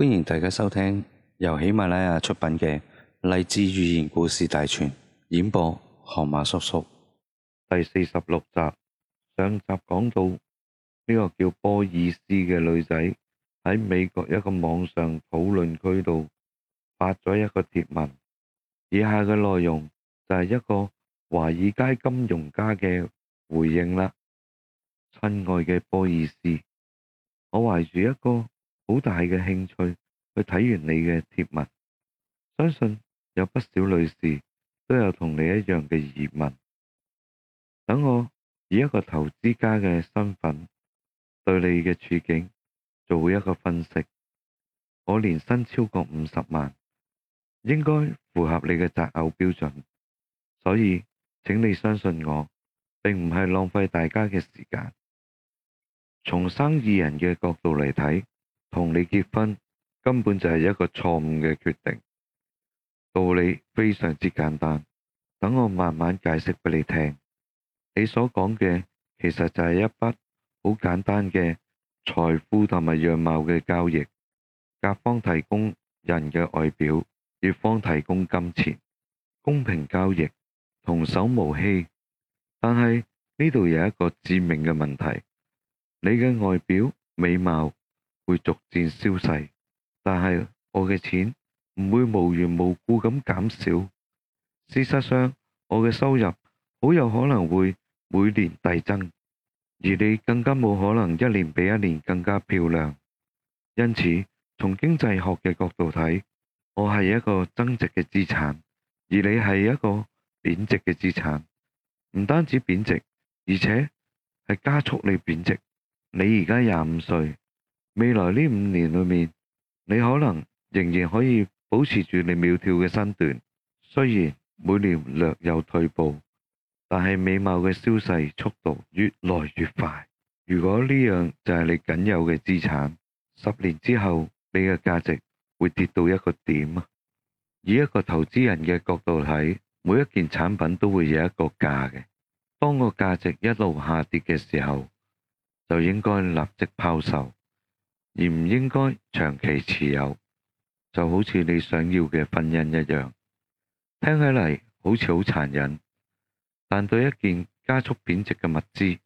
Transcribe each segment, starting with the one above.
歡迎大家收聽由喜馬拉雅出品嘅《勵志寓言故事大全》，演播河馬叔叔，第四十六集。上集講到呢個叫波爾斯嘅女仔喺美國一個網上討論區度發咗一個貼文，以下嘅內容就係一個華爾街金融家嘅回應啦。親愛嘅波爾斯，我懷住一個。好大嘅興趣去睇完你嘅貼文，相信有不少女士都有同你一樣嘅疑問。等我以一個投資家嘅身份對你嘅處境做一個分析。我年薪超過五十萬，應該符合你嘅擇偶標準，所以請你相信我，並唔係浪費大家嘅時間。從生意人嘅角度嚟睇。同你結婚根本就係一個錯誤嘅決定，道理非常之簡單。等我慢慢解釋畀你聽。你所講嘅其實就係一筆好簡單嘅財富同埋樣貌嘅交易，甲方提供人嘅外表，乙方提供金錢，公平交易，童叟無欺。但係呢度有一個致命嘅問題，你嘅外表美貌會逐漸消逝，但係我嘅錢唔會無緣無故咁減少。事實上，我嘅收入好有可能會每年遞增，而你更加冇可能一年比一年更加漂亮。因此，從經濟學嘅角度睇，我係一個增值嘅資產，而你係一個貶值嘅資產。唔單止貶值，而且係加速你貶值。你而家廿五歲。未來呢五年裏面，你可能仍然可以保持住你苗條嘅身段，雖然每年略有退步，但係美貌嘅消逝速度越來越快。如果呢樣就係你僅有嘅資產，十年之後你嘅價值會跌到一個點。以一個投資人嘅角度睇，每一件產品都會有一個價嘅。當個價值一路下跌嘅時候，就應該立即拋售。而唔應該長期持有，就好似你想要嘅婚姻一樣，聽起嚟好似好殘忍，但對一件加速貶值嘅物資，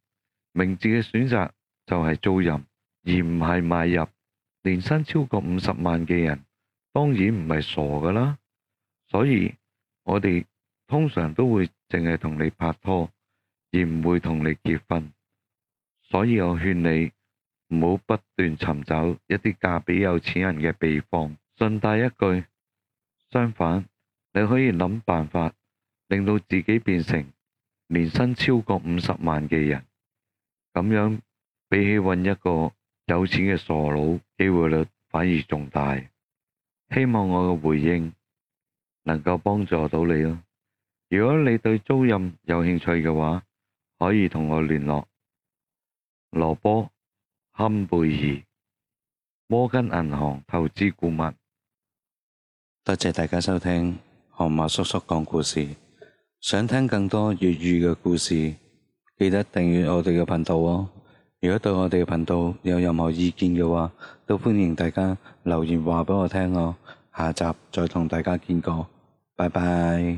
明智嘅選擇就係租賃而唔係買入。年薪超過五十萬嘅人當然唔係傻噶啦，所以我哋通常都會淨係同你拍拖而唔會同你結婚，所以我勸你，唔好不斷尋找一啲嫁畀有錢人嘅秘方。順帶一句，相反，你可以諗辦法令到自己變成年薪超過五十萬嘅人，咁樣比起搵一個有錢嘅傻佬，機會率反而仲大。希望我嘅回應能夠幫助到你咯。如果你對租賃有興趣嘅話，可以同我聯絡，羅波。坎貝爾摩根銀行投資顧問，多謝大家收聽河馬叔叔講故事。想聽更多粵語嘅故事，記得訂閱我哋嘅頻道哦。如果對我哋嘅頻道有任何意見嘅話，都歡迎大家留言話俾我聽哦。下集再同大家見過，拜拜。